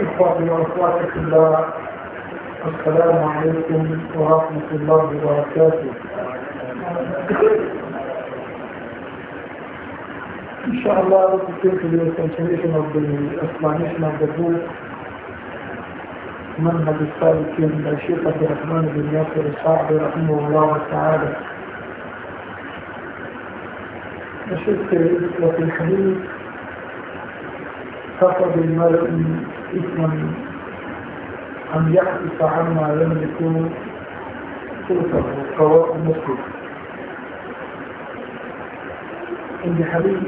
إخواني وأخواتي في الله السلام عليكم ورحمة الله وبركاته إن شاء الله we في continue اوف ذا continuation of the explanation منهج السالكين للشيخ عبد الرحمن بن ياسر الصعبي رحمه الله تعالى الشيخ وفي الحديث فقد المرء إثماً أن يحفظ عما لم يكون سلطاً وقواء مصر عند حديث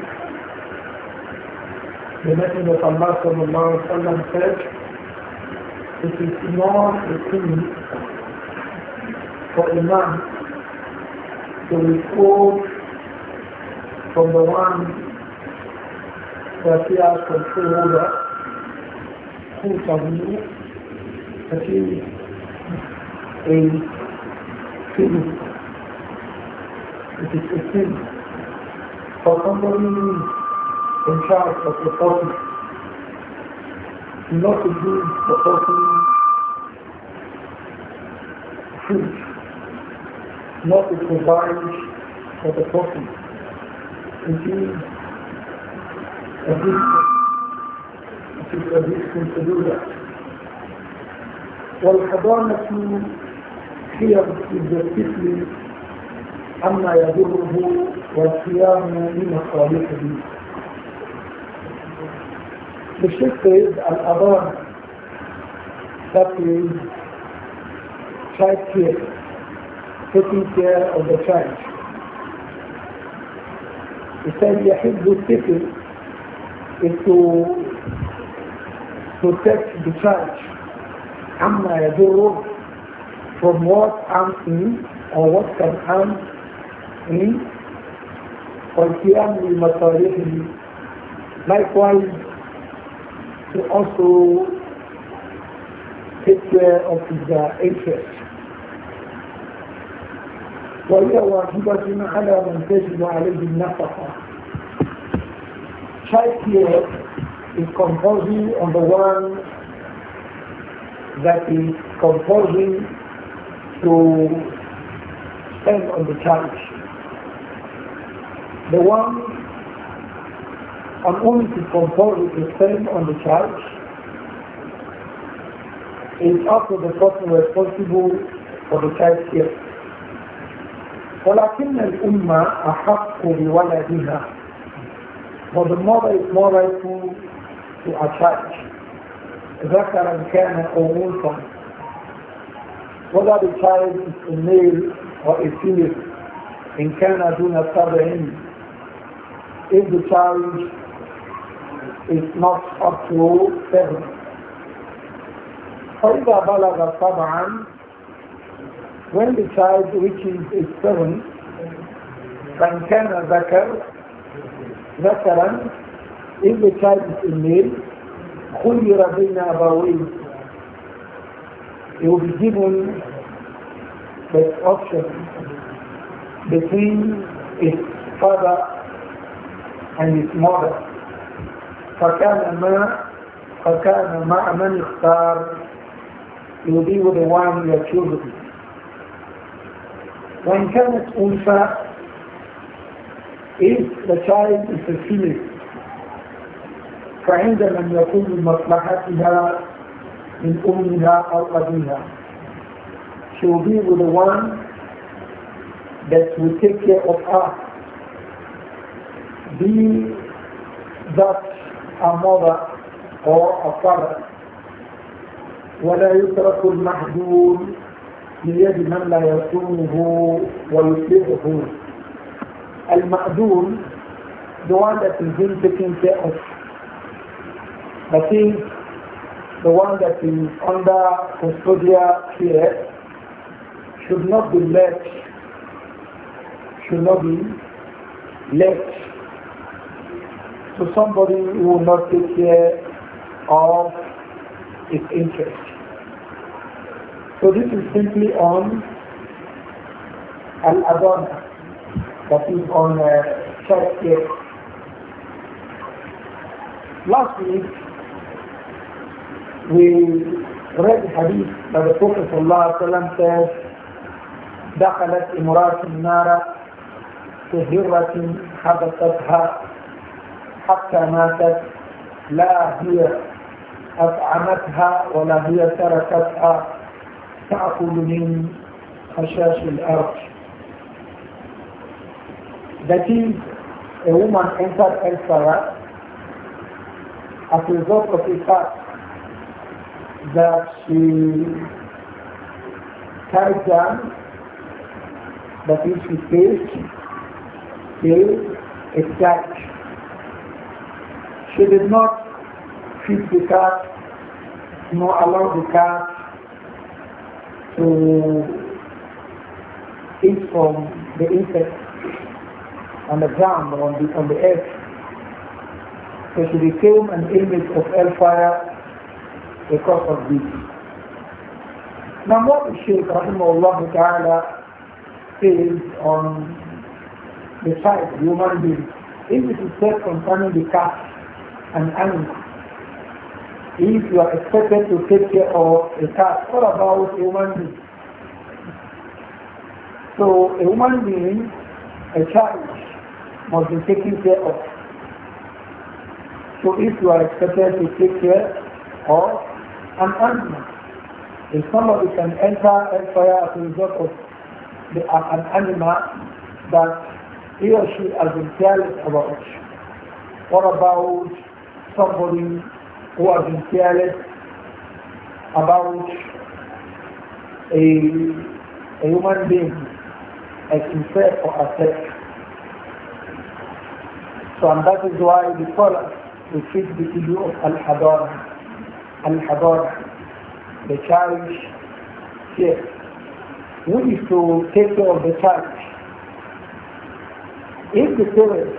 بمثل الله صلى الله عليه وسلم فاج في الإمام الكلي فإمام to record from the one تنكره ففي السن في السن فتنظري إن شاءت فتقاتل لا تجوز تقاتل food, not to provide for the person. It is a good الذي كنت دوله والحضانة هي الذكر عما يضره والقيام من صالحه بشكل الأبان تقي child care taking care of the child يحب الطفل is to protect the church amma yadurru from what harms in, or what can harm can we بمصالحه likewise to also take care of his uh, interests وهي واجبة على من تجب عليه النفقة. Try care is composing on the one that is composing to stand on the charge. The one on whom it is composing to stand on the charge is also the person responsible for the child care. ولكن الأمة أحق بولدها. But the mother is more rightful to attract ذكرا كان أو أنثى whether the child is a male or a female do not دون him if the child is not up to seven فإذا بلغ سبعا when the child reaches seven فإن كان ذكر ذكرا if the child is a male خير بين أبوين He will be given the option between his father and his mother فكان ما فكان مع من اختار He will be with the one you are choosing وإن كانت أنثى if the child is a female فعند من يكون بمصلحتها من أمها أو أبيها she will be with the one that will take care of her be that a mother or a father ولا يترك المحدود بيد من لا يصومه ويصيبه المأذون the one that is being taken care of That is the one that is under custodia here should not be let should not be let to somebody who will not take care of its interest. So this is simply on an that is on uh, Last week, ورأي الحديث بعد صلى الله عليه وسلم دخلت امرأة النار في هرة حبستها حتى ماتت لا هي أطعمتها ولا هي تركتها تأكل من خشاش الأرض That is, a woman entered El-Sara after the result of a that she carried down, if she faced the attack. She did not feed the cat, nor allow the cat to eat from the insects on the ground or on the, on the earth. So she became an image of hellfire because of this. Now what the Shaykh Rahimahullah Ta'ala says on the side of human being. if it is said concerning the cat and animal, if you are expected to take care of a cat, what about a human being? So a human being, a child, must be taken care of. So if you are expected to take care of an animal. If somebody can enter hellfire as a result of the, uh, an animal that he or she has been careless about. What about somebody who has been careless about a, a human being as himself or herself? So and that is why the scholars we treat the issue of al hadar and about the child here, who is to take care of the child. If the parents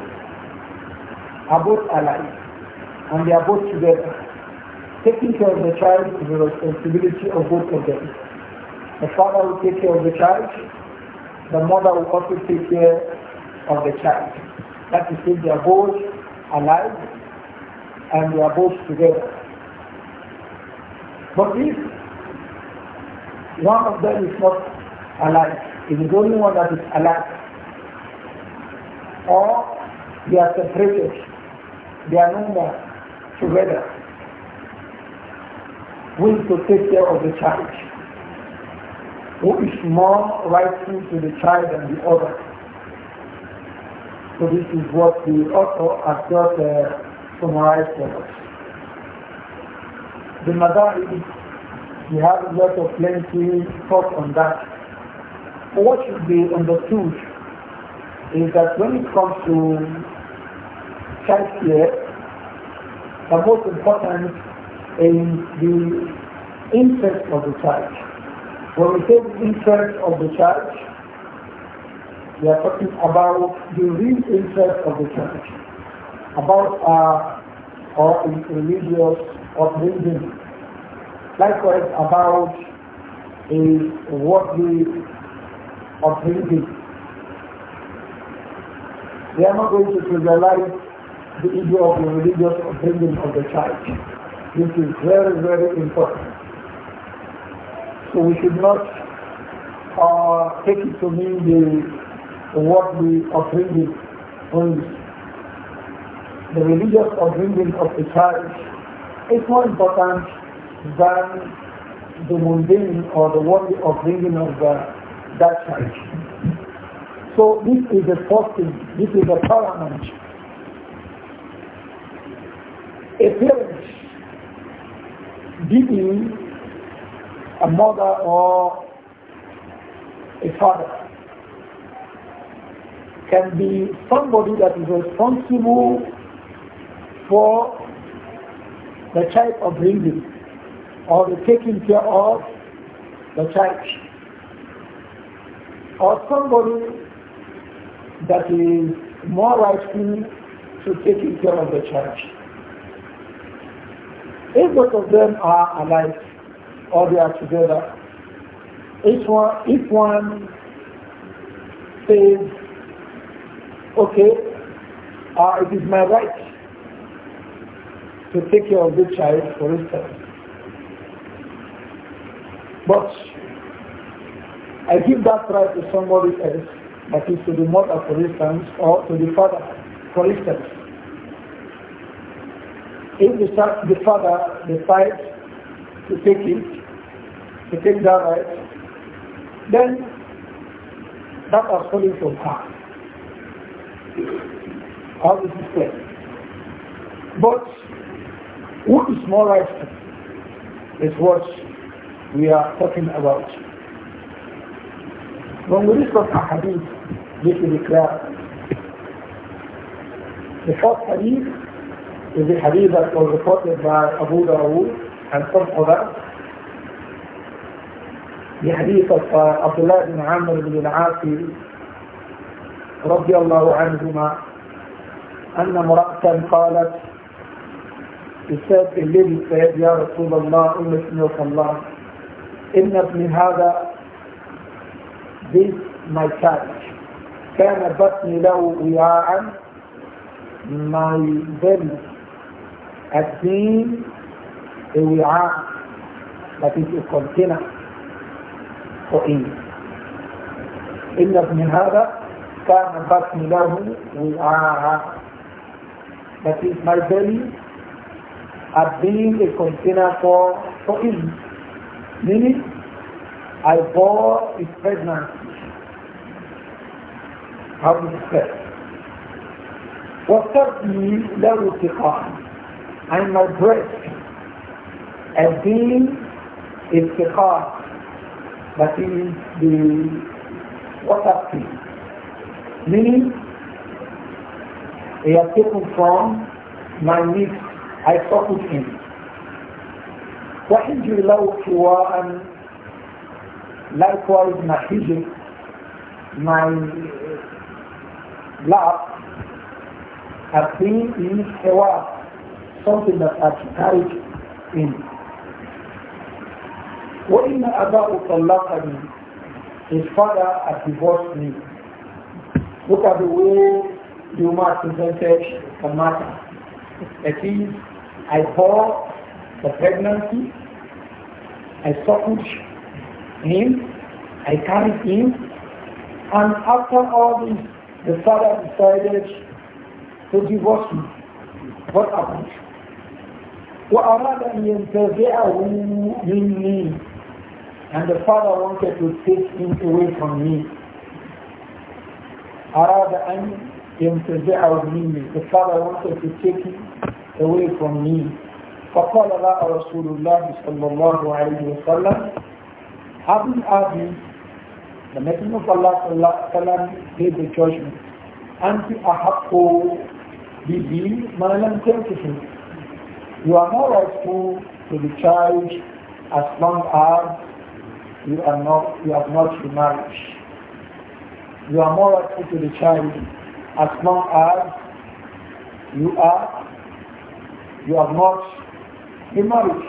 are both alive and they are both together, taking care of the child is the responsibility of both of them. The father will take care of the child, the mother will also take care of the child. That is if they are both alive and they are both together. But if one of them is not alive, it is only one that is alive, or they are separated, they are no more together, Who is to take care of the child. Who is more rightful to the child than the other? So this is what the author has just uh, summarized for us. The Madari, we have a lot of plenty thought on that. What should be understood is that when it comes to care, the most important is the interest of the child. When we say interest of the child, we are talking about the real interest of the church, about our, our religious of religion, Likewise about a worldly upbringing. They are not going to trivialize the issue of the religious upbringing of the child. This is very, very important. So we should not uh, take it to mean the what worldly upbringing only. The religious upbringing of the child it's more important than the mundane or the worry of bringing of the, that child. So this is a posting. This is a paramount. A parent giving a mother or a father can be somebody that is responsible for the type of bringing or the taking care of the child or somebody that is more likely to taking care of the child. If both of them are alive, or they are together, each one, if one says, okay, uh, it is my right to take care of the child, for instance. But I give that right to somebody else, that is to the mother, for instance, or to the father, for instance. If the, the father decides to take it, to take that right, then that has fallen from her. How this is clear. But What is more righteous is what we are talking about. When we discuss a hadith, this is clear. The first hadith is the hadith that was reported by Abu Dawood and some others. The hadith of uh, Abdullah bin Amr bin al-Asi رضي الله عنهما أن امرأة قالت السيد الذي السيد يا رسول الله أم اسمك الله إن ابن هذا this my child كان بطني له وعاء my belly had been a وعاء that is a container for him إن ابن هذا كان بطني له وعاء that is my belly at being a container for, for him. Meaning, I bore his pregnancy. How do you say? وَقَبْلِي لَوْ اتِقَانِ And my breast as being اتِقَانِ That is the water thing. Meaning, he has taken from my lips I copied him. وحج له سواء likewise my hijab, my love, a thing in Hewa, something that I carried in. وإن أباه طلقني his father had divorced me. Look at the way you Yuma presented the matter. It is I bore the pregnancy, I suckled him, I carried him, and after all this, the father decided to divorce me. What happened? وأراد أن ينتزعه مني and the father wanted to take him away from me. أراد أن ينتزعه مني the father wanted to take him away from me. فقال لها رسول الله صلى الله عليه وسلم having argued the Messenger of Allah صلى الله made the judgment أنت أحق بدين ما لم تنكحه You are not rightful to be charged as long as you are not you have not remarried. You are more rightful to be charged as long as you are you have not in marriage.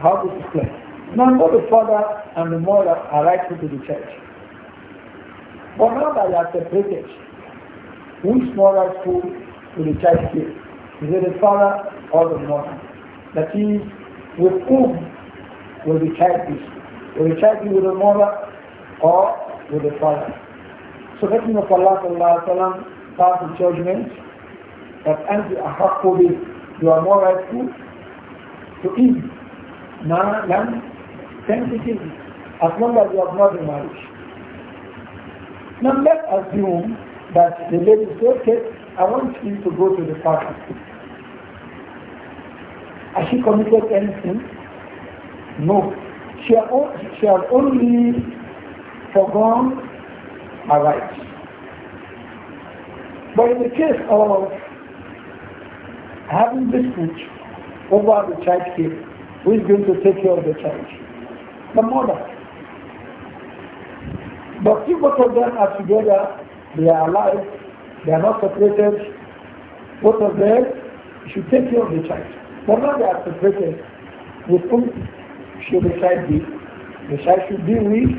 How do you explain? Now both the father and the mother are rightful to the church. But now that they are separated, who is more rightful to the church Is it the father or the mother? That is, with whom will the child be? Will the child be with the mother or with the father? So let me know Allah sallallahu alaihi pass the judgment that anti ahakkobi, you are more rightful to him now, than sensitive. as long as you have not been married. Now let's assume that the lady says, okay, I want you to go to the party. Has she committed anything? No. She, she has only forgone her rights. But in the case of having this dispute over the child care, who is going to take care of the child? The mother. But if both of them are together, they are alive, they are not separated, both of them should take care of the child. But now they are separated. With whom should the child be? The child should be with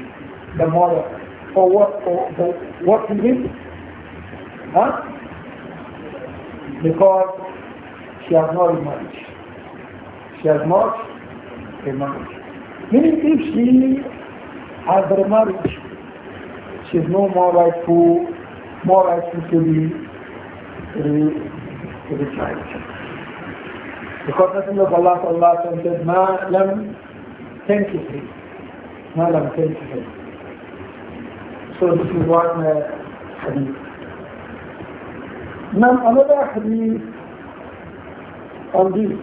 the mother. For what? For, for what reason? Huh? Because she has not emerged. She has not emerged. Meaning if she has marriage she is no more rightful, more rightful to the, to Because Messenger of Allah sallallahu alayhi wa said, Ma lam tenkihi. Ma lam tenkihi. So this is one uh, hadith. Now another hadith أرضيه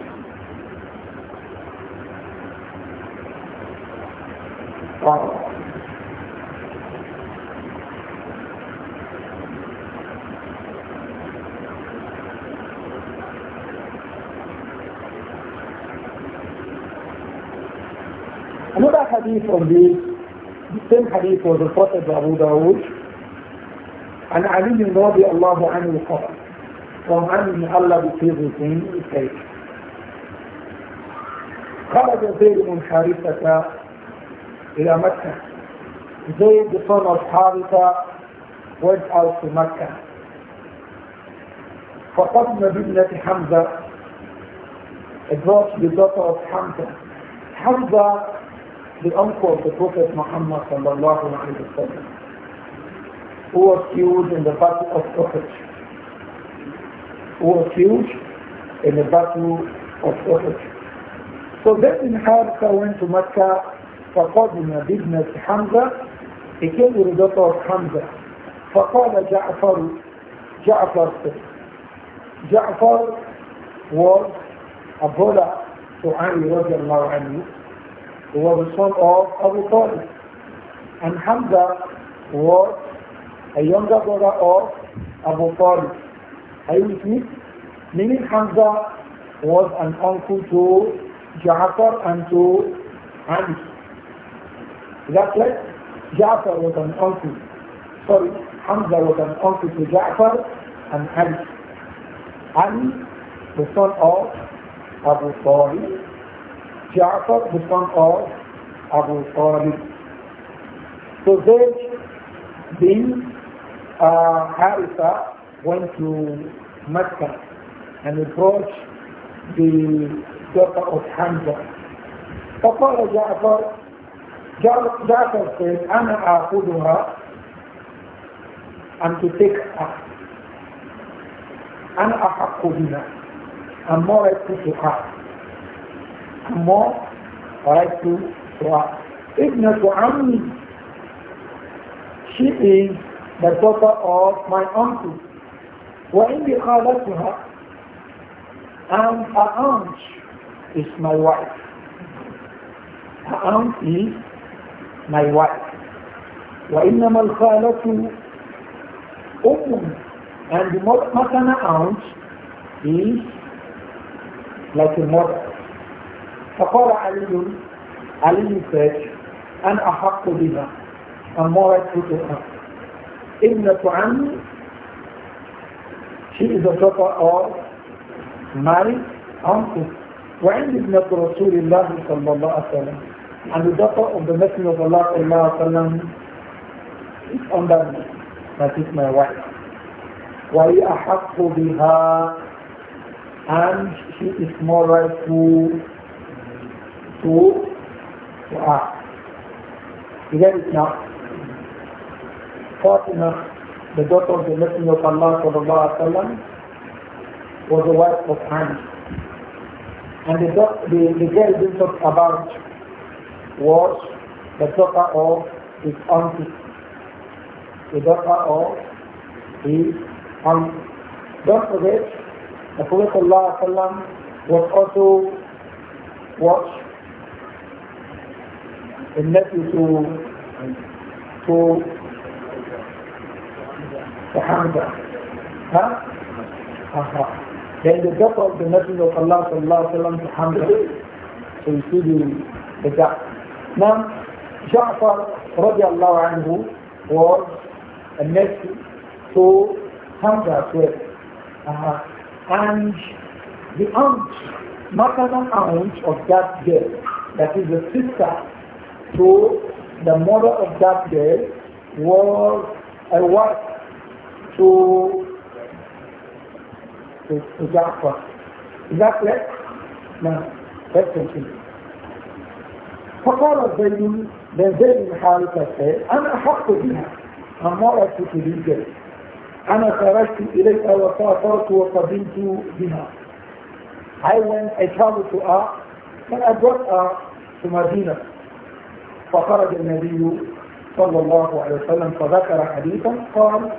نبع حديث أرضيه بسم حديث وزفات أبو داود عن علي رضي الله عنه قال from Ali may Allah be pleased him, said, خرج زيد من حارثة إلى مكة زيد son of حارثة went out to مكة فقدم بابنة حمزة brought the daughter of Hamza Hamza the uncle of the Prophet Muhammad صلى الله عليه وسلم, who was killed in the battle of Uhud who was killed in the battle of Uhud. So then, in Haritha went to Mecca فقدم business. حمزة He came with the daughter of Hamza فقال جعفر جعفر جعفر was a brother to Ali رضي الله عنه who was the son of Abu Talib and Hamza was a younger brother of Abu Talib I you with Meaning Hamza was an uncle to Ja'far and to Ali. Is that right? Ja'far was an uncle. Sorry, Hamza was an uncle to Ja'far and Ali. Ali, the son of Abu Talib. Ja'far, the son of Abu Talib. So they being uh, Haritha went to Mecca and approached the daughter of Hamza. فقال جعفر جعفر said أنا آخذها and to take her أنا أحق بها I'm more rightful to her I'm more rightful to her ابنة عمي she is the daughter of my uncle وعندي خالتها and her aunt is my wife. Her aunt is my wife. وإنما الخالة أم and the maternal aunt is like a mother. فقال علي علي said أن أحق بها and more to her. ابنة عمي she is the daughter of Mary, uncle, the رسول of صلى الله عليه وسلم and the daughter of the Messenger of Allah Sallallahu الله عليه وسلم is under me that is my wife وهي أحق her, and she is more rightful to to us you get it now Fatima the daughter of the Messenger of Allah sallallahu alaihi wasallam, was the wife of Hani. And the, the, the girl being talked about was the daughter of his auntie. The daughter of his auntie. Don't forget, the Prophet wasallam, was also was A nephew to, to the Hamza. Huh? uh Then the gap of the Messenger of Allah sallallahu alayhi wa to Hamza. So you see the, the gap. Now, Ja'far radiallahu anhu was a nephew to Hamza And the aunt, maternal aunt of that girl, that is the sister to the mother of that girl, was a wife to to, to Jaffa. Is that correct? No. Let's continue. فقال زين بن زين بن حارثة said أنا أحق بها أمرت تريد أنا خرجت إليها وسافرت وقدمت بها I went I traveled to her and I brought her to Medina فخرج النبي صلى الله عليه وسلم فذكر حديثا قال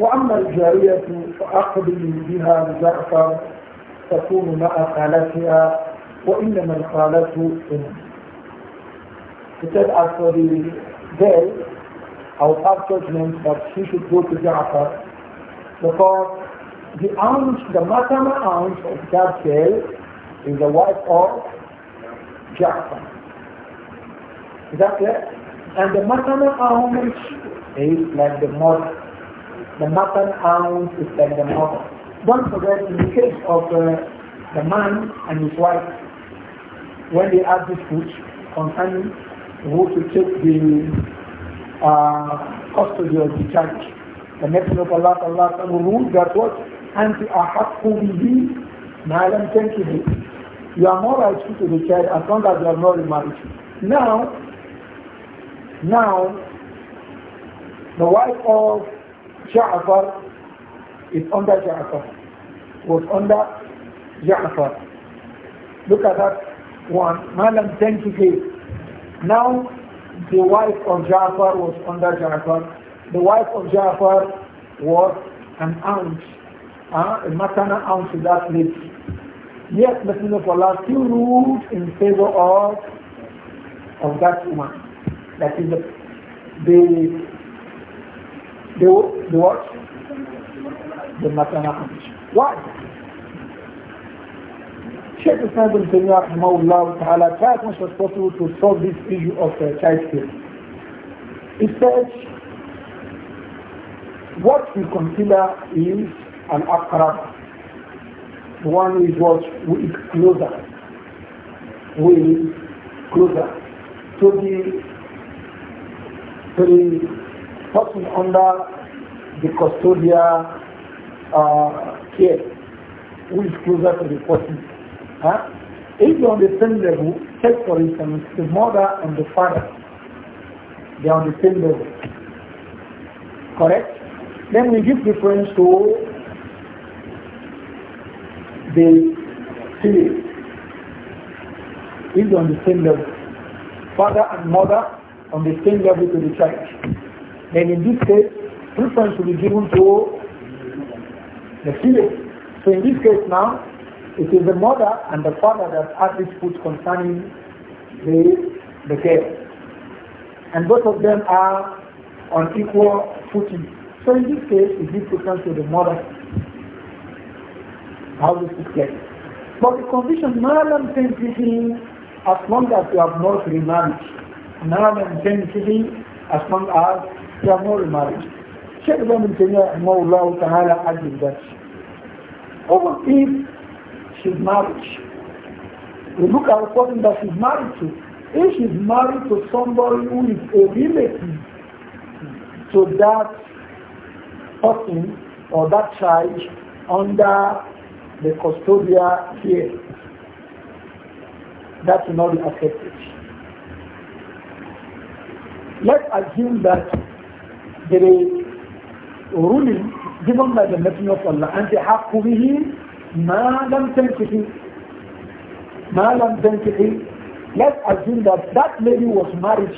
وأما الجارية فأقبل بها بجعفر تكون مع خالتها وإنما الخالة أم said as the girl, judgment that she should go to Jaffa because the aunt, the maternal aunt of that girl is the wife of Jaffa. Is that clear? And the maternal aunt is like the mother the mutton hound is like the mother. Don't forget in the case of uh, the man and his wife, when they have disputes concerning who to take the uh, custody of the child, the Messenger of Allah, Allah ruled that what? أنت أحق به ما لم تنكحه. You are more rightful to the child as long as you are not marriage. Now, now, the wife of Ja'far is under Ja'far, was under Ja'far. Look at that one. Malam Tenkike. Now the wife of Ja'far was under Ja'far. The wife of Ja'far was an aunt, uh, a maternal aunt to that lady. Yes, Messenger of Allah still ruled in favor of of that woman. That is the, the the, the what? The maternal condition. Why? Sheikh Islam bin Taymiyyah Rahimahullah Ta'ala tried as much as possible to solve this issue of uh, child care. He says, what we consider is an akrab, the one who is what we is closer, who is closer to the, to the person under the custodial uh, care who is closer to the person. Huh? If you're on the same level, take for instance the mother and the father, they are on the same level. Correct? Then we give preference to the series. If you're on the same level, father and mother on the same level to the child. And in this case, preference will be given to the female. So in this case now, it is the mother and the father that have disputes concerning the, the girl. And both of them are on equal footing. So in this case, it gives preference to the mother. How does it get? But the condition, Malam Tensity, as long as you have not remarried, Malam Tensity, as long as they have no remarriage. Sheikh Ibn Taymiyyah Ta'ala argued that even if she's married, we look at the person that she's married to. If she's married to somebody who is a relative to that person or that child under the custodial care, that's not accepted. Let's assume that there is a ruling given by the Messenger of Allah, and they have به ما لم تنكحي ما لم Let's assume that that lady was married.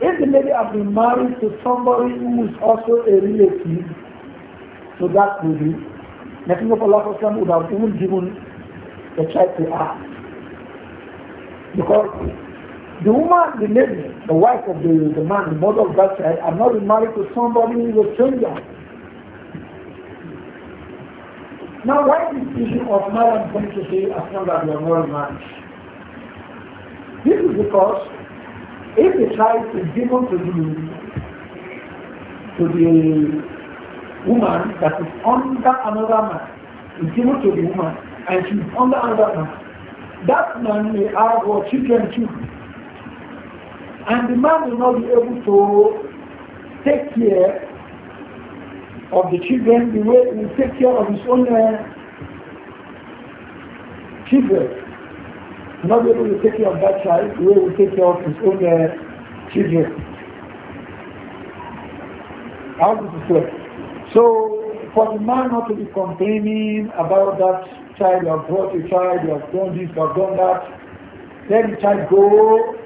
If the lady had been married to somebody who is also a relative, so that will be Messenger of Allah would have even given the child to her. Because the woman, the lady, the wife of the, the man, the mother of that child, are not married to somebody who is a stranger. Now, why this issue of marriage going to say as long as you are not married? This is because if the child is given to the to the woman that is under another man, is given to the woman, and she is under another man, that man may have what children too. And the man will not be able to take care of the children the way he will take care of his own uh, children. Not be able to take care of that child the way he will take care of his own uh, children. How does it work? So, for the man not to be complaining about that child, you have brought a child, you have done this, you have done that, let the child go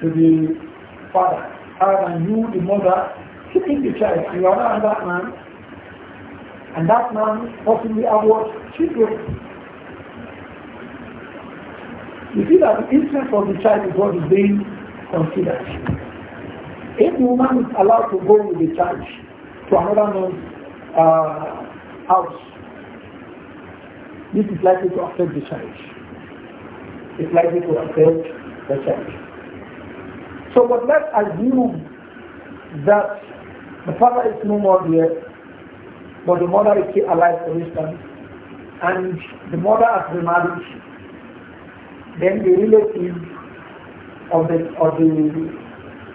to the father, rather than you, the mother, keeping the child. You are not that man. And that man possibly awards children. You see that the interest of the child is what is being considered. If the woman is allowed to go with the child to another man's uh, house, this is likely to affect the child. It's likely to affect the child. So, but let's assume that the father is no more here, but the mother is still alive, for instance, and the mother has remarried, then the relative of the, of the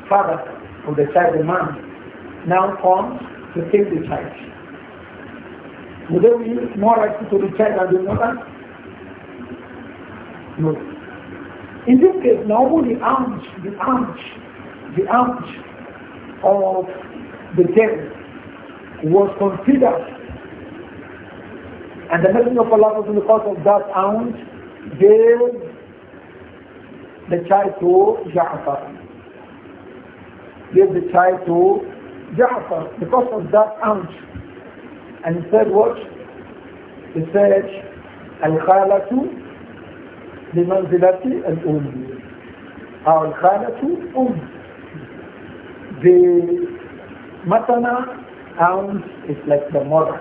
father of the child, the man, now comes to take the child. Would they be more likely to the child than the mother? No. In this case, now the arms, the arms, the arms of the devil was considered. And the Messenger of Allah was in the course of that aunt gave the child to Ja'far. Gave the child to Ja'far because of that aunt. And he said what? He said, Al-Khalatu بمنزلة الأم أو الخالة أم The maternal aunt is like the mother.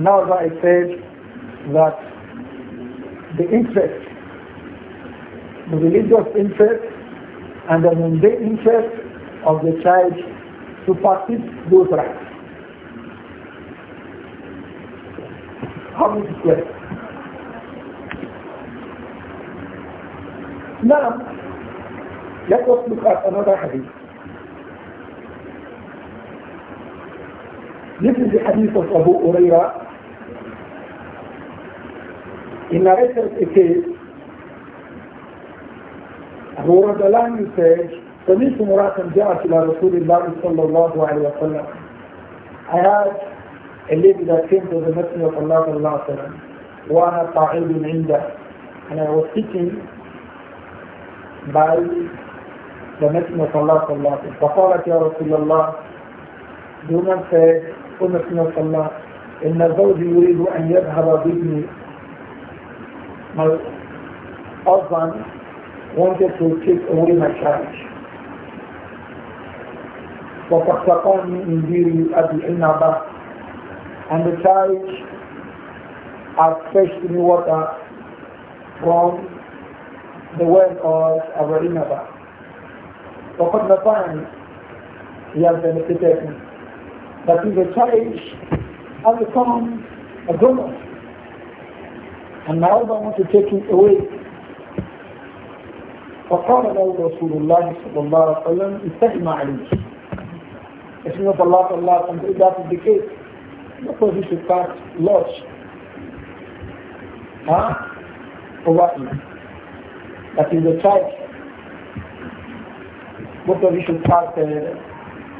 Now that I said that the interest, the religious interest and the mundane interest of the child supersedes those rights. How many questions? Now, let us look at another hadith. This is the hadith of Abu Uraira. In narrated a case, Abu Radalani says, سمعت امرأة جاءت إلى رسول الله صلى الله عليه وسلم. I had a lady that came to the Messenger of Allah صلى الله عليه وسلم. وأنا قاعد عنده. And I was sitting by the Messenger of Allah sallallahu alaihi wasallam. فقالت يا رسول الله the O Messenger of Allah, إن زوجي يريد أن يذهب بابني. My husband wanted to take away my child. وتخلقني من دير أبي عنبة and the child has fetched me water from the word of Abarinaba. وقد نفعني he has benefited me. That is a child has become a grown And now I want to take it away. فقال له رسول الله صلى الله عليه وسلم استجمع عليك اسمه الله صلى الله عليه وسلم that is the case because you should pass lodge huh? over that is the charge. What we you should pass the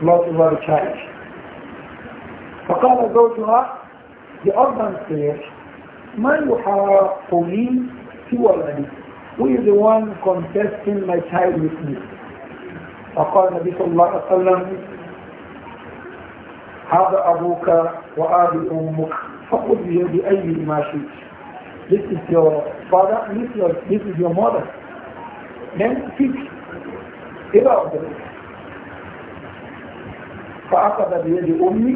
lot of the charge. فقال زوجها the husband said ما يحاق لي سوى الأبي who is the one contesting my child with me فقال النبي صلى الله عليه وسلم هذا أبوك وآبي أمك فخذ بيد أي ما شئت This is your father, this is your, this is your mother then of the them فأخذ بيد أمي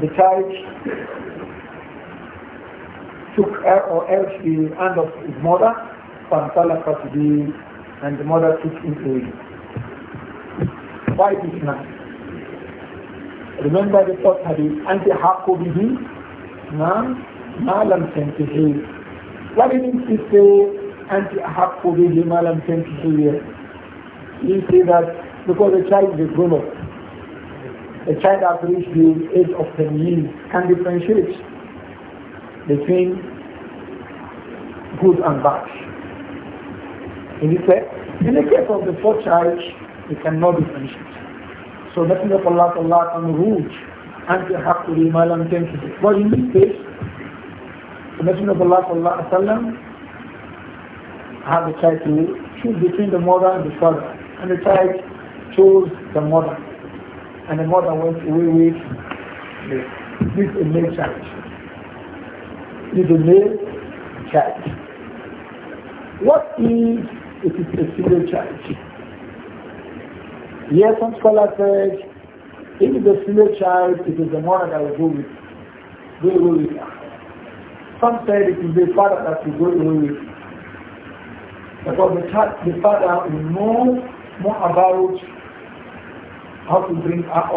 the child took her or else the hand of his mother فانطلقت به and the mother took him away why this now remember the first hadith أنت حق به ما ما لم تنتهي why didn't he say أنت أحق به ما لم تنكحيه He say that because a child is grown up, a child after reached the age of 10 years can differentiate between good and bad. In the case, in the case of the fourth child, it cannot differentiate. So Messenger of Allah Allah the rule and you have to the Imam But in this case, the Messenger of Allah Sallallahu Alaihi Wasallam have the child to choose between the mother and the father. And the child chose the mother. And the mother went away with this a male child. This is a male child. what is it is a single child? Yes, some scholars said if it is a child, it is the mother that will go with, go away with her. Some said it is the father that will go away with because the, the father will know more about how to bring up.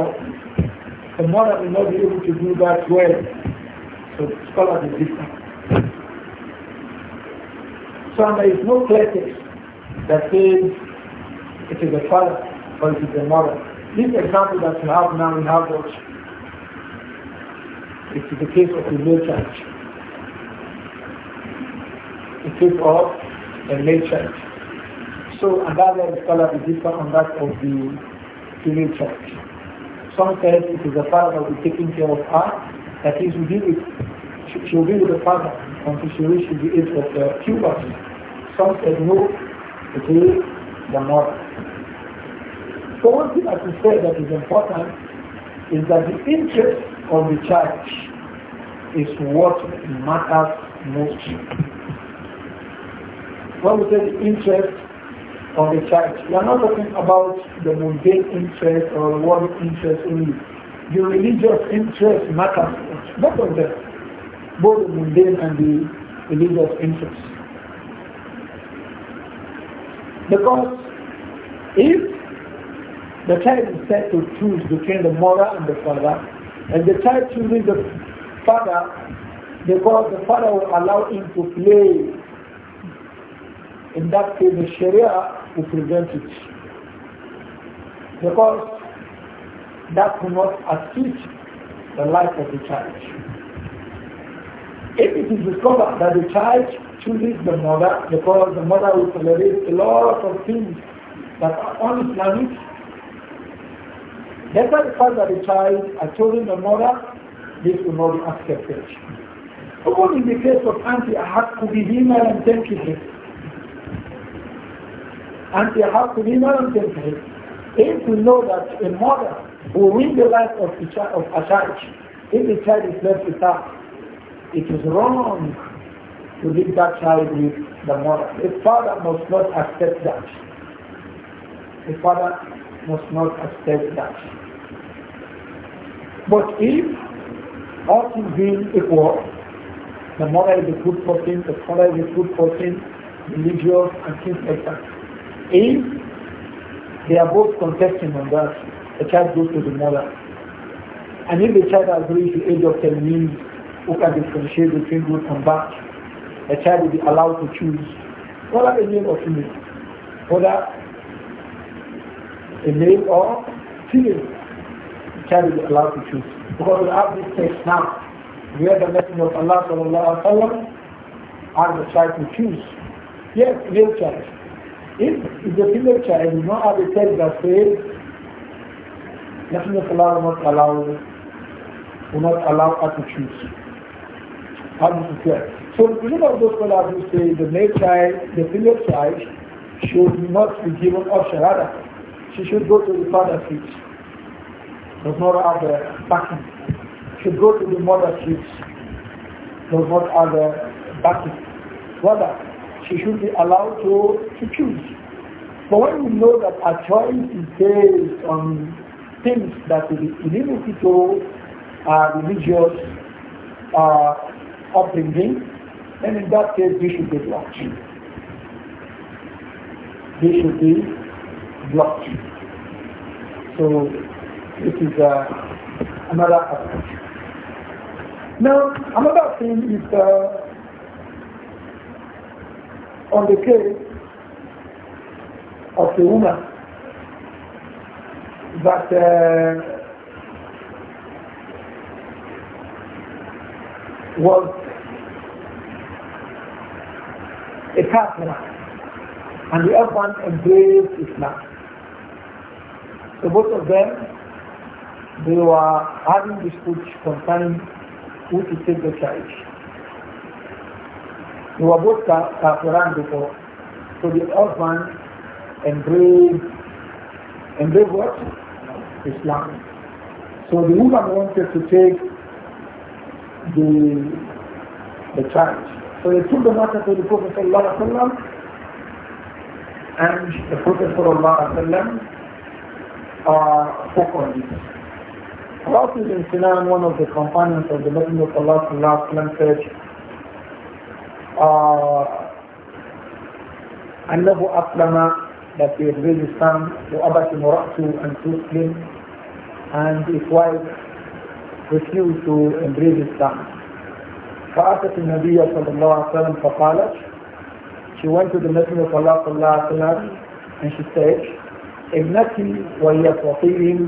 The mother will not be able to do that well. So the scholars are different. So there is no place that says it is the father or it is the mother. This example that we have now in Harvard, it is the case of the real church. The case of a nature. So, another scholar is different on that of the female child. Some it is the father who is taking care of her, that is, will be with, she, she will be with the father until she reaches the age of uh, puberty. Some said no, it is the mother. So one thing I can say that is important is that the interest of the child is what matters most when say the interest of the child, we are not talking about the mundane interest or worldly interest only. The religious interest matters, both of them, both the mundane and the religious interest. Because if the child is set to choose between the mother and the father, and the child chooses the father because the father will allow him to play in that case the Sharia will prevent it. Because that will not assist the life of the child. If it is discovered that the child chooses the mother because the mother will tolerate a lot of things that are un-Islamic, despite the fact that the child has chosen the mother, this will not be accepted. Even in the case of anti be bihima and tenkihim, and they have to renounce themselves. If we know that a mother will win the life of, a child, of a child, if the child is left with her, it is wrong to leave that child with the mother. The father must not accept that. The father must not accept that. But if all things being equal, the mother is a good person, the father is a good person, religious and things like that. If they are both contesting on that, the child goes to the mother. And if the child agrees the age of 10 means who can differentiate between good and bad, the child will be allowed to choose whether a name of female, whether a male or female, the child will be allowed to choose. Because we have this text now, we have the Messenger of Allah sallallahu alaihi wasallam and the child to choose. Yes, male child. If, if the female child does not have a text that says, National Salah will not allow, will not allow attitudes. How do you clear? So the reason of those scholars who say the male child, the female child, should not be given option, rather, she should go to the father's feet. Does not have a backing. Should go to the mother's feet. Does not have a backing. Rather, she should be allowed to, to choose. But when we know that our choice is based on things that will be inimical to our uh, religious uh, upbringing, then in that case we should be blocked. We should be blocked. So this is uh, another aspect. Now another thing is uh, on the case of the woman that uh, was a partner and the other one embraced Islam. So both of them they were having disputes concerning who to take the charge. They were both Kafiran before. So the husband embraced, embraced what? Islam. So the woman wanted to take the the charge. So they took the matter to the Prophet ﷺ and the Prophet ﷺ uh, spoke on this. Rasul bin Sinan, one of the companions of the Messenger of Allah ﷺ said, أنه أسلم that he agreed وأبت أن تسلم and his wife refused to embrace Islam فأتت النبي صلى الله عليه وسلم فقالت she went to the Messenger of Allah صلى الله عليه وسلم and she said ابنتي وهي فطير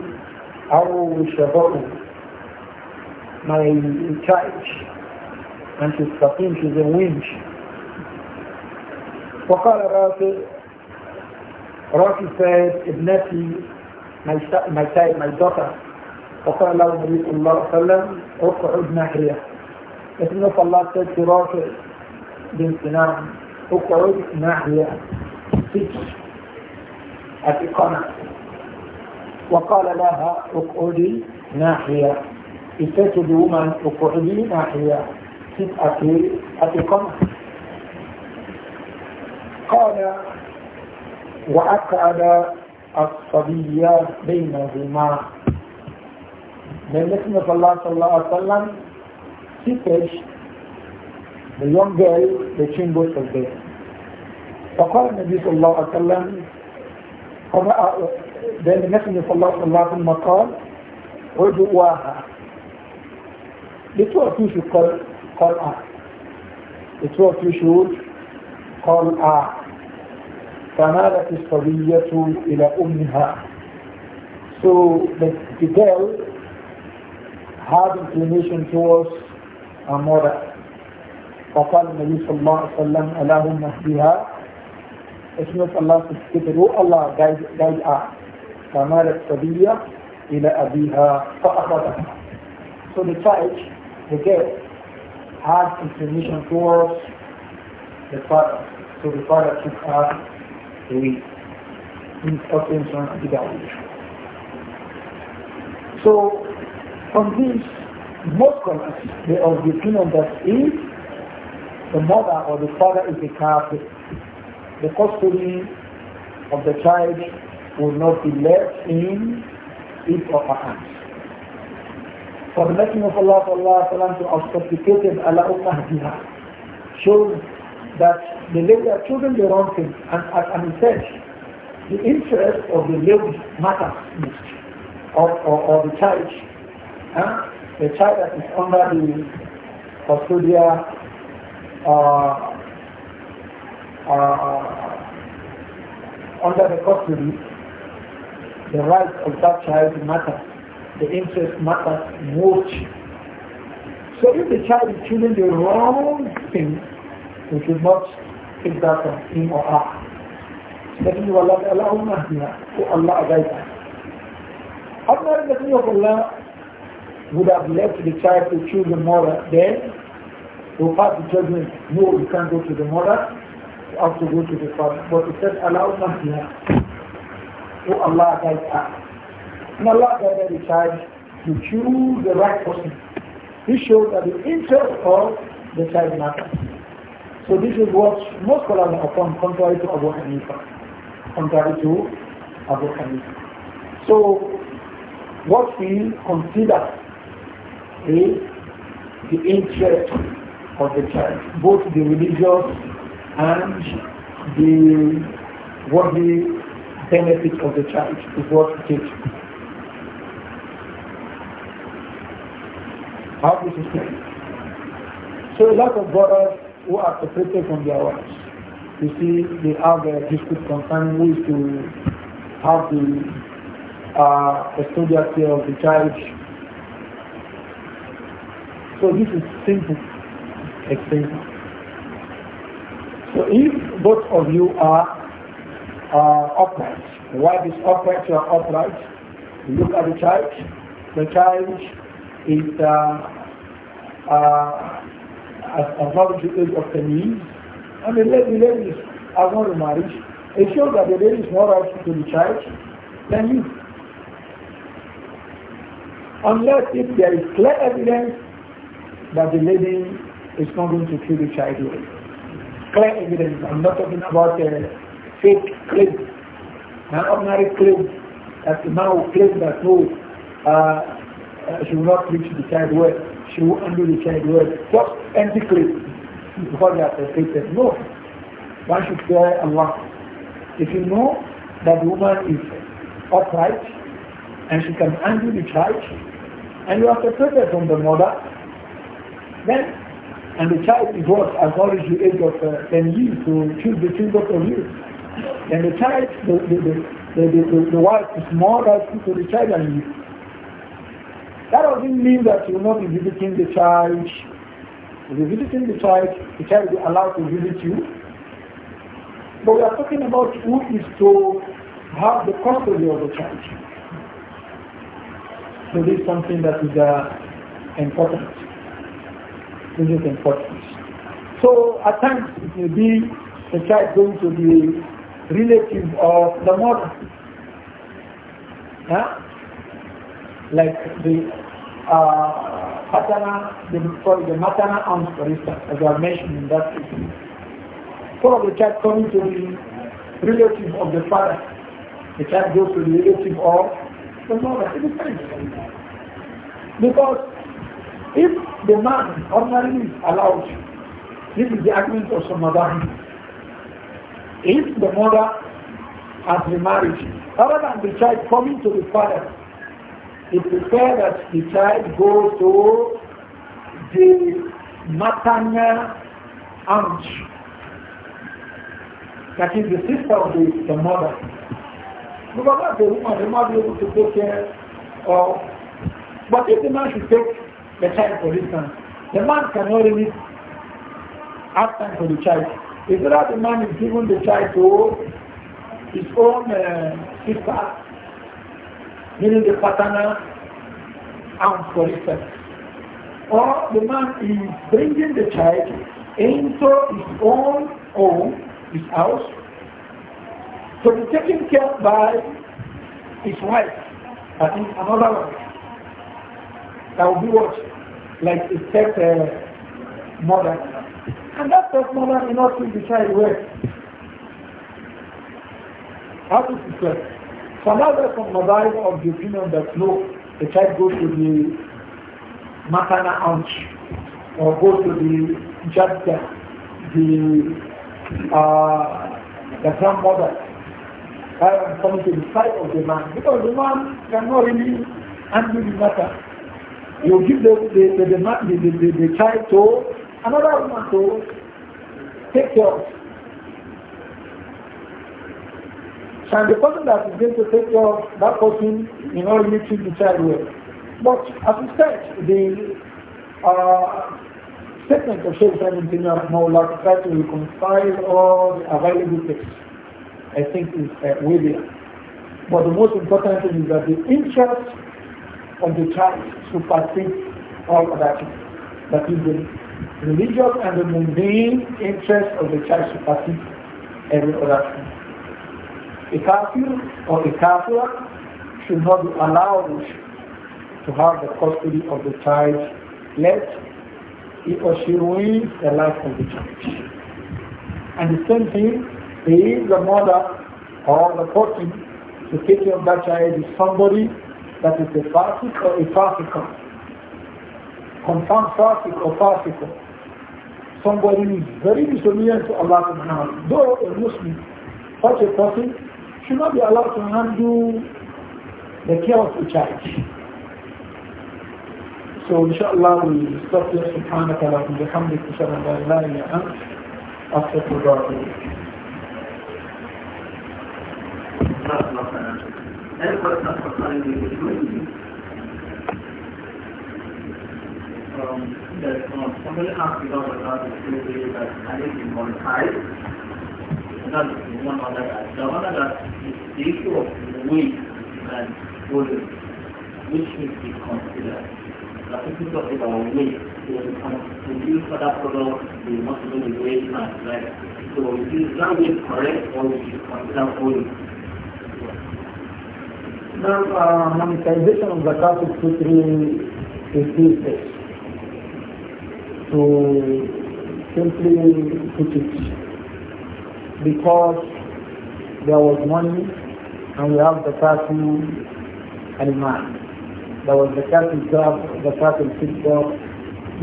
أو شباب my child أن تستقيم تزوج وقال رافع رافع سيد ابنتي my, my child my daughter وقال له النبي صلى الله عليه وسلم اقعد ناحية لكن الله عليه وسلم رافع بن سنان اقعد ناحية sit at وقال لها اقعدي ناحية He said اقعدي ناحية سيد أتي قال وأقعد الصبي بينهما لأن الله صلى الله عليه وسلم seated the young girl the chamber of them. فقال النبي صلى الله عليه وسلم then the Messenger صلى الله عليه وسلم قال عدواها The two of you should call call It was two of should call her. فنالت الصبية إلى أمها. So the, the girl had inclination towards her mother. فقال النبي صلى الله عليه وسلم اللهم اهدها اسمك الله تفتكر الله guide guide her فمالت صبية إلى أبيها فأخذها so the child the girl had inclination towards the father. So the father took her away. In Attention to the child. So from this, most scholars of the opinion that if the mother or the father is a captive, the custody of the child will not be left in his or her hands. For the Messenger of Allah وسلم, to have supplicated Allah Ummah shows that the lady are children the wrong thing. And as an said, the interest of the lady matters most, or, or, or the child. Huh? The child that is under the custodial uh, uh, under the custody, the right of that child matters the interest matters much. So if the child is choosing the wrong thing, we should not take that from him or her. Secondly, Allah Allahumma ahdina, O Allah guide us. Ordinary the thing of Allah would have left the child to choose the mother, then to pass the judgment, no, you can't go to the mother, you have to go to the father. But he said, Allahumma ahdina, O Allah guide us. And Allah Taala decides to choose the right person. He shows that the interest of the child matters. So this is what most scholars are contrary to Abu Hanifa. Contrary to Abu Hanifa. So what we consider is the interest of the child, both the religious and the what the benefit of the child is what it is. How this is So a lot of brothers who are separated from their wives, you see, they have a dispute concerning who is to have the uh, custodial care of the child. So this is simple example. So if both of you are uh, upright, why wife is upright, you are upright, you look at the child, the child is uh, uh, above the age of 10 years. I the lady are not married. It shows that the lady is more rightful to the child than you. Unless if there is clear evidence that the lady is not going to kill the child away. Clear evidence. I'm not talking about a fake claim, an ordinary claim that the man will claim that no, oh, uh, uh, she will not preach the child word, she will undo the child well. What antichrist? Because they are that No. One should fear Allah. If you know that woman is upright and she can undo the child, and you are separated from the mother, then, and the child is what? As old as the age of uh, 10 years to choose the both of you. And the child, the, the, the, the, wife is more rightful to the child than you. That doesn't mean that you are not visiting the child. If you're visiting the child, the child will be allowed to visit you. But we are talking about who is to have the custody of the child. So this is something that is uh, important. This is important. So at times it may be the child going to the relative of the mother. Huh? like the uh, paternal, the, sorry, the matana aunt, for instance, as I mentioned in that case. Probably, of the child coming to the relative of the father, the child goes to the relative of the mother. Because if the man ordinarily is allowed, this is the argument of some other. If the mother has remarried, rather than the child coming to the father it is said that the child goes to the maternal aunt, that is the sister of the, the mother. Because that's the woman, the be able to take care of. But if the man should take the child, for instance, the man can only have time for the child. If that the man is giving the child to his own uh, sister meaning the paternal arm, for instance. Or the man is bringing the child into his own home, his house, to be taken care by his wife, that is another one. That will be what? Like a step uh, mother. And that step mother may not treat the child well. How does it work? Some others from Madhari of the opinion that no, the child goes to the matana aunt or goes to the jadda, the, uh, the grandmother, uh, coming to the side of the man because the man cannot really handle the matter. You give the, the, the, the, man, the, the, the, the child to another woman to take care of. And the person that is going to take care of that person you know, you treat the child well. But as we said, the uh, statement of Sheikh Simon bin Rahmahullah to try to reconcile all the available texts, I think is uh, way there. But the most important thing is that the interest of the child supersedes all other things. That is the religious and the mundane interest of the child supersedes every other thing. A kafir or a kafir should not be allowed to have the custody of the child lest he or she the life of the child. And the same thing, if the mother or the person to take care of that child is somebody that is a fasik or a fasikan. Confirmed fasik or fasikan. Somebody who is very disobedient to Allah subhanahu wa ta'ala. Though a Muslim, such a person should not be allowed to handle the care of the child. So inshallah we stop here سبحانك اللهم وبحمدك أشهد أن لا إله إلا أنت Um, that, um, somebody asked about the that I didn't want not one other God. The other God is the issue of will and order, which should be considered. The people talk about will, so to use further product, we must know the way and right. So is that way correct or we should consider holy? Now, uh, monetization of zakat is strictly is to simply put it because there was money and we have the cattle and man. There was the cattle job, the cattle fit job,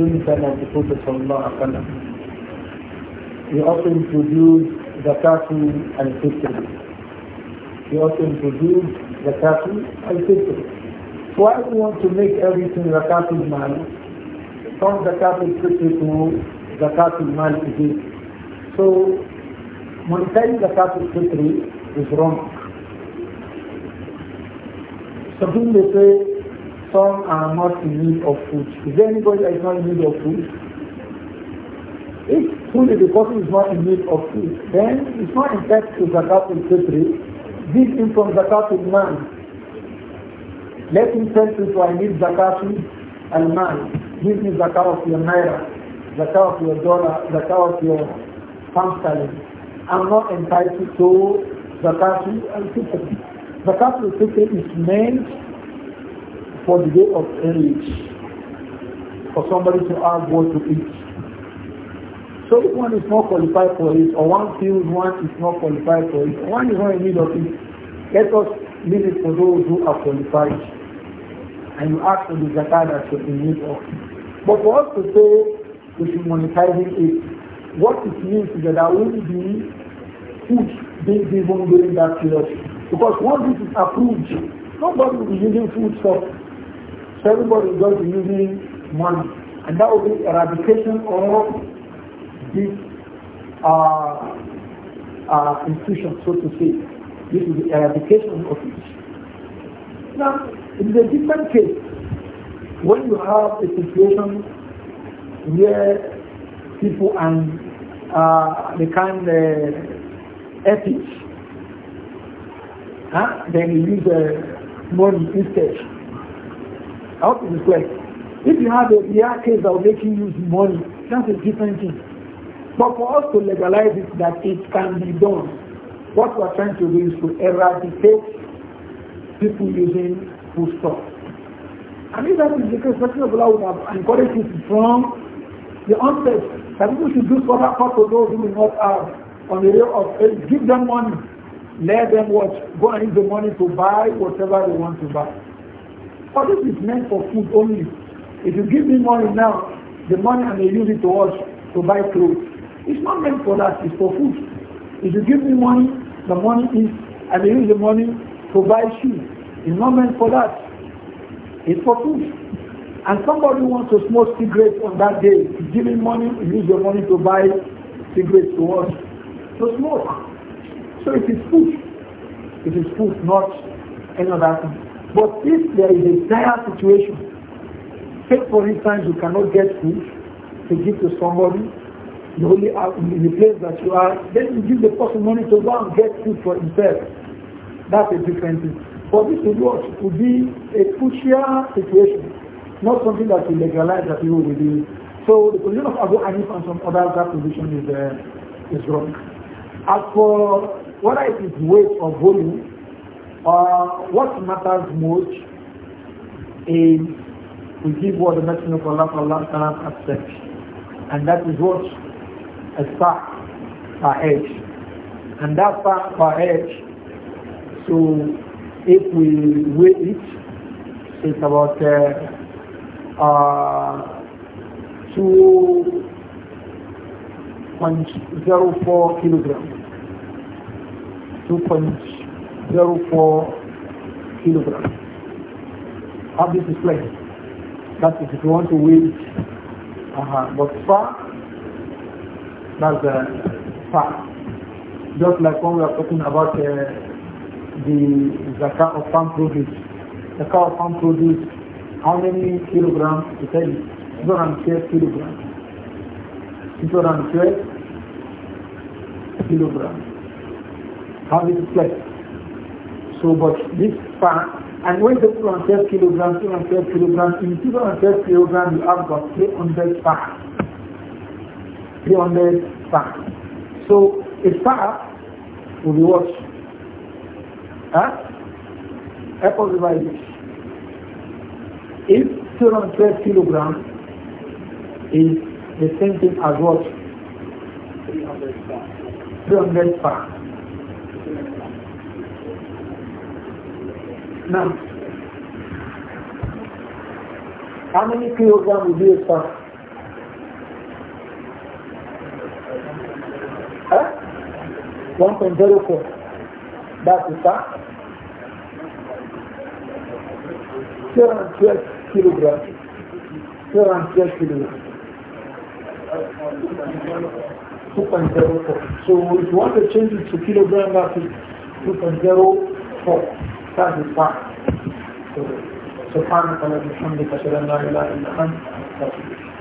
during the of the Prophet Sallallahu Alaihi We also introduced the cattle and fitr. We also introduced the cattle and fitr. Why do we want to make everything the cattle man? From the cattle fitr to the cattle man is it. So monetizing the capital fitri is wrong. Some people say some are not in need of food. Is there anybody that is not in need of food? If truly the person is not in need of food, then it's not in fact to zakat al fitri. Give him from zakat al man. Let him tell to I need zakat al man. Give me zakat of your naira, zakat of your dollar, zakat of your pound sterling are not entitled to zakatul al-fitr. Zakatul al-fitr is meant for the day of age, for somebody to ask what to eat. So if one is not qualified for it, or one feels one is not qualified for it, one is not in need of it, let us leave it for those who are qualified. And you ask for the zakat that you're in need of. But for us to say we should monetize it what it means is that there will be food being given during that period. Because once this is approved, nobody will be using food stuff. So everybody is going to be using money. And that will be eradication of this uh, uh, institution, so to say. This is the eradication of it. Now, it is a different case when you have a situation where people and uh, they can uh, ethics. Huh? Then you use uh, money instead. I hope it is clear. If you have a VR case that will make you use money, that's a different thing. But for us to legalize it, that it can be done, what we're trying to do is to eradicate people using food stuff. And if that is the of law would have encouraged it from the answer: unsaid, that we should do part for those who do not have on the day of eh, Give them money. Let them watch. Go and use the money to buy whatever they want to buy. But this is meant for food only. If you give me money now, the money I may use it to watch, to buy clothes. It's not meant for that. It's for food. If you give me money, the money is, I may use the money to buy shoes. It's not meant for that. It's for food and somebody wants to smoke cigarettes on that day, Giving give him money, use your money to buy cigarettes to us To smoke. So it is food. It is food, not any other thing. But if there is a dire situation, take for instance you cannot get food to give to somebody, you only in the place that you are, then you give the person money to go and get food for himself. That's a different thing. For this to do, it would be a crucial situation not something that we legalize that people will do. So the position of Abu Hanif and some others, that position is, uh, is wrong. As for whether it is weight or volume, uh, what matters most is we give what the Messenger of Allah, Allah, Allah has accept, And that is what a star, by edge. And that star, by edge, so if we weigh it, it's about uh, uh, 2.04 kilograms. 2.04 kilograms. Have this is played? That is if you want to weigh uh -huh. but far, that's the far. Just like when we are talking about uh, the zakat of farm produce. Zakat of farm produce how many kilograms? He 212 kilograms. 212 kilograms. How is it like? So, but this part, and when the 212 kilograms, 212 kilograms, in 212 kilograms, you have got 300 parts. 300 parts. So, a part will be what? Huh? Apple devices. If 212 kilograms is the same thing as what? 300 pounds. Now, how many kilograms would be a pound? Huh? four. That's the pound. 212 Kilogram, 412 kilograms. So if you want to change it to kilogram, that is 2.04. That is fine. So, سبحانك اللهم وبحمدك اشهد ان لا اله الا انت